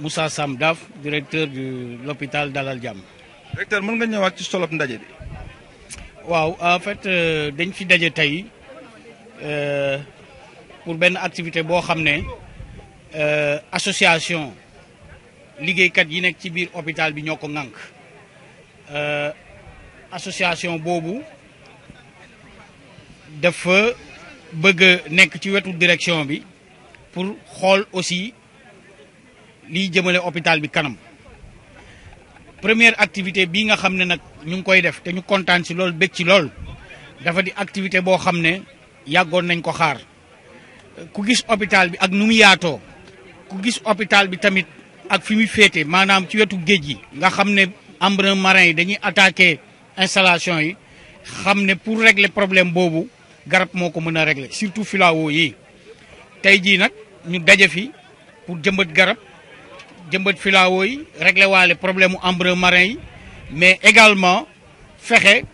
Moussa Samdaf, directeur de l'hôpital Dalal Jam. directeur mën nga ñëwaat ci solob ndaje bi. waaw en fait euh, dañ fi daje tey euh, pour benn activité boo xam ne euh, association liggéeykat yi nekk ci biir hôpital bi ñoo l'association Bobou, association Bobu, dafa bëgg a ci wetu direction bi pour xol aussi. liy jëmale hôpital bi kanam première activité bii nga xam ne nag ñu ngi koy def te ñu kontaan si lool bëgg ci lool dafa di activité boo xam ne yàggoon nañ ko xaar ku gis hôpital bi ak nu mu yaatoo ku gis hôpital bi tamit ak fi muy féete maanaam ci wetu géej gi nga xam ne embruns marins yi dañuy attaqué installation yi xam ne pour régle problème boobu garab moo ko mën a régler surtout filao yi tey jii nag ñu daje fi pour jëmbat garab jëmbat filao yi réglé waale problème mu embrun marin yi mais également fexe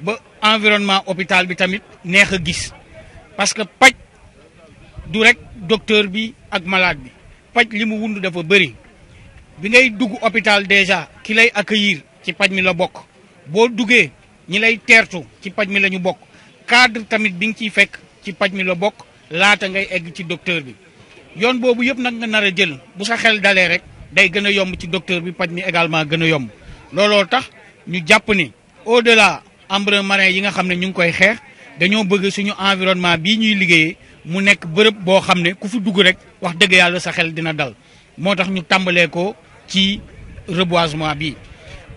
ba environnement hôpital bi tamit neex a gis parce que paj du rek docteur bi ak malade bi paj li mu wund dafa bëri bi ngay dugg hôpital déjà ki lay accueillir ci paj mi la bokk boo duggee ñi lay teertu ci paj mi la ñu bokk cadre tamit bi nga ciy fekk ci paj mi la bokk laata ngay egg ci docteur bi yoon boobu yëpp nag nga nar a jël bu sa xel dalee rek day gën a yomb ci docteur bi paj mi également gën a yomb looloo tax ñu jàpp ni au delà embrun marin yi nga xam ne ñu ngi koy xeex dañoo bëgg suñu environnement bii ñuy liggéeyee mu nekk bërëb boo xam ne ku fi dugg rek wax dëgg yàlla sa xel dina dal moo tax ñu tàmbalee ko ci reboisement bi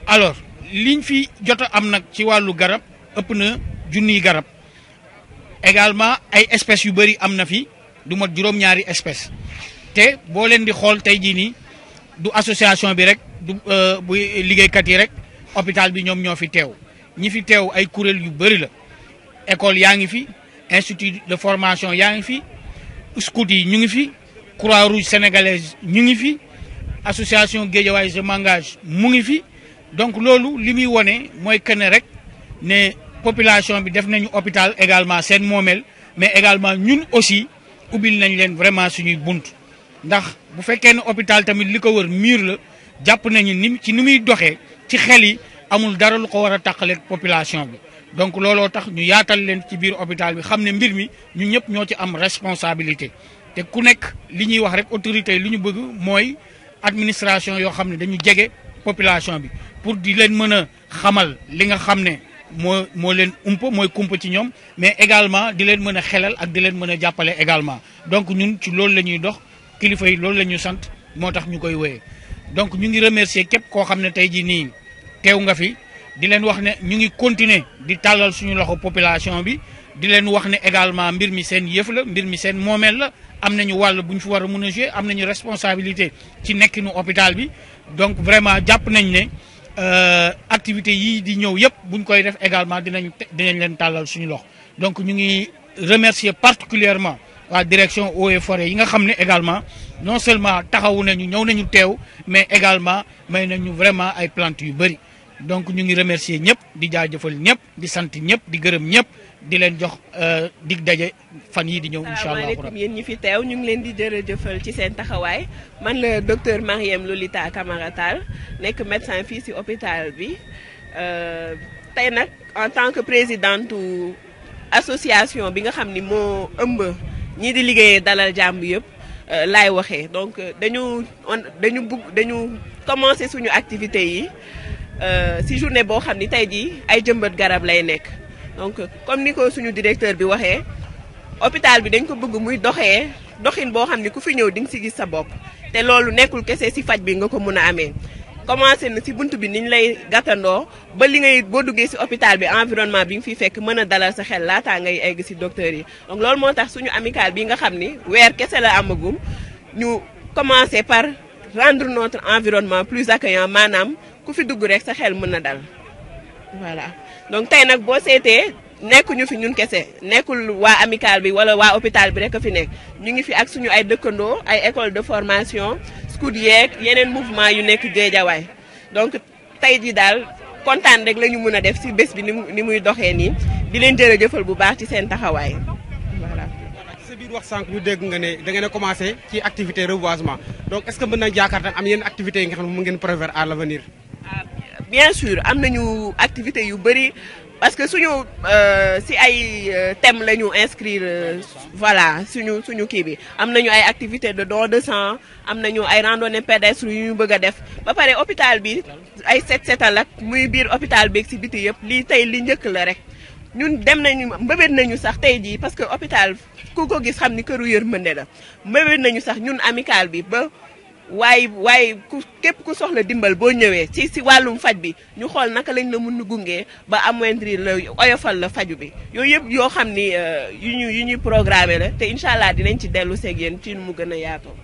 alors liñ fi jot am nag ci wàllu garab ëpp na junniy garab également ay espèces yu bëri am na fi du mot juróom-ñaari espèces te boo leen di xool tey jii nii du association bi rek du euh, bu kat yi rek hôpital bi ñom ñofi fi ñi fi ay yu bari la école yaangi fi institut de formation yaangi fi scout yi ñu ngi fi croix rouge sénégalaise ñu ngi fi association Guédiawaye je m'engage mu ngi fi donc lolu limi woné moy mooy rek ne population bi def nañu hôpital également sen momel mais également ñun aussi ubbil nañ len vraiment suñu buntu ndax bu fekkee ne hôpital tamit liko wër mur la japp nañu ni ci ni doxé ci xel yi amul dara lu ko wara takalé population bi donc lolo tax ñu yaatal leen ci biir hôpital bi xamné mbir mi ñu ñëpp ñoo ci am responsabilité té ku nekk li ñuy wax rek autorité yi li ñu bëgg moy administration yo xamné dañu jege population bi pour di leen mëna xamal li nga xamné mo moo leen umpo moy kumpa ci ñom mais également di leen mëna xelal ak di leen mëna jappalé également donc ñun ci loolu lañuy dox kilifa yi loolu la ñu sant moo tax ñu koy woyee donc ñu ngi remercier képp koo xam ne tey jii nii teew nga fi di leen wax ne ñu ngi continuer di tàllal suñu loxo population bi di leen wax ne également mbir mi seen yëf la mbir mi seen moomeel la am nañu wàll bu ñu fi war a mën a jouer am nañu responsabilité ci nekkinu hôpital bi donc vraiment jàpp nañ ne euh, activité yii di ñëw yëpp buñ koy def également dinañ dinañ leen tàllal suñu lox donc ñu ngi remercier particulièrement waa direction eaux et forêt yi nga xamné également non seulement taxawu nañu ñew nañu teew mais également may nañu vraiment ay plantes yu bari donc ñu ngi remercier ñep di jaajëfal ñep di sant ñep di gërëm ñep di leen jox euh, dig dajé fan yi di ñew inshallah allah asalaamaaleykum yéen ñi fi teew ñu ngi leen di jërëjëfal ci seen taxaway man la docteur Mariem Lolita Camara Tall nekk médecin fii ci hôpital bi euh, tay nak en tant que présidente association bi nga xam mo moo ëmb ñii di liggéeyee dalal jàmm yëpp euh, laay waxee donc euh, dañu dañu bugg dañu commencé suñu activité yi ci euh, journée boo xam ni tey jii ay jëmbat garab lay nekk donc comme ni ko suñu directeur bi waxee hôpital bi dañ ko bëgg muy doxee doxin boo xam ni ku fi ñëw di nga ci gis sa bopp te loolu nekkul kese ci faj bi nga ko mën a amee commencé na si bunt bi niñ lay gàttandoo ba li ngay boo duggee si hôpital bi environnement bi nga fiy fekk mën a dalal sa xel laataa ngay egg si docteur yi donc loolu moo tax suñu amical bi nga xam ni weer kese la amagum ñu commencé par rendre notre environnement plus accueillant maanaam ku fi dugg rek sa xel mën a dal voilà donc tey nag boo seetee nekkuñu fi ñun kese nekkul waa amical bi wala waa hôpital bi rek a fi nekk ñu ngi fi ak suñu ay dëkkandoo ay école de formation scout yeeg yeneen mouvement yu nekk géejawaay donc tey ji daal kontaan rek la ñu mun a def si bés bi ni muy doxee nii di leen jëfal bu baax ci seen taxawaay voilà. sa biir wax sànq ñu dégg nga ne da ngeen a commencé ci activité reboisement donc est-ce que mën nañ yaakaar tam am yenn activités yi nga xam ne mu ngeen prévoir à l'avenir. Ah, bien sûr am nañu activité yu bëri parce que suñu euh, si ay euh, thème la ñu inscrire euh, voilà suñu suñu kii bi am nañu ay activité de don de sang am nañu ay randonnée pédestre yu ñu bëgg def ba paré hôpital bi ay set setal ak muy bir hôpital bi ci biti yëpp li tay li njëkk la rek ñun dem nañu mbëbët nañu sax tay ji parce que hôpital kuko gis xamni keuru këru yërmande la mbëbët nañu sax ñun amical bi ba waaye waaye ku képp ku soxla dimbal boo ñëwee ci si wàllum faj bi ñu xool naka lañ la mun a gunge ba amoindrir la oyofal la faju bi yooyu yëpp yoo xam ni euh, yu ñu yu ñuy programme la te incha allah dinañ ci dellu seeg yéen ci mu gën a yaatoo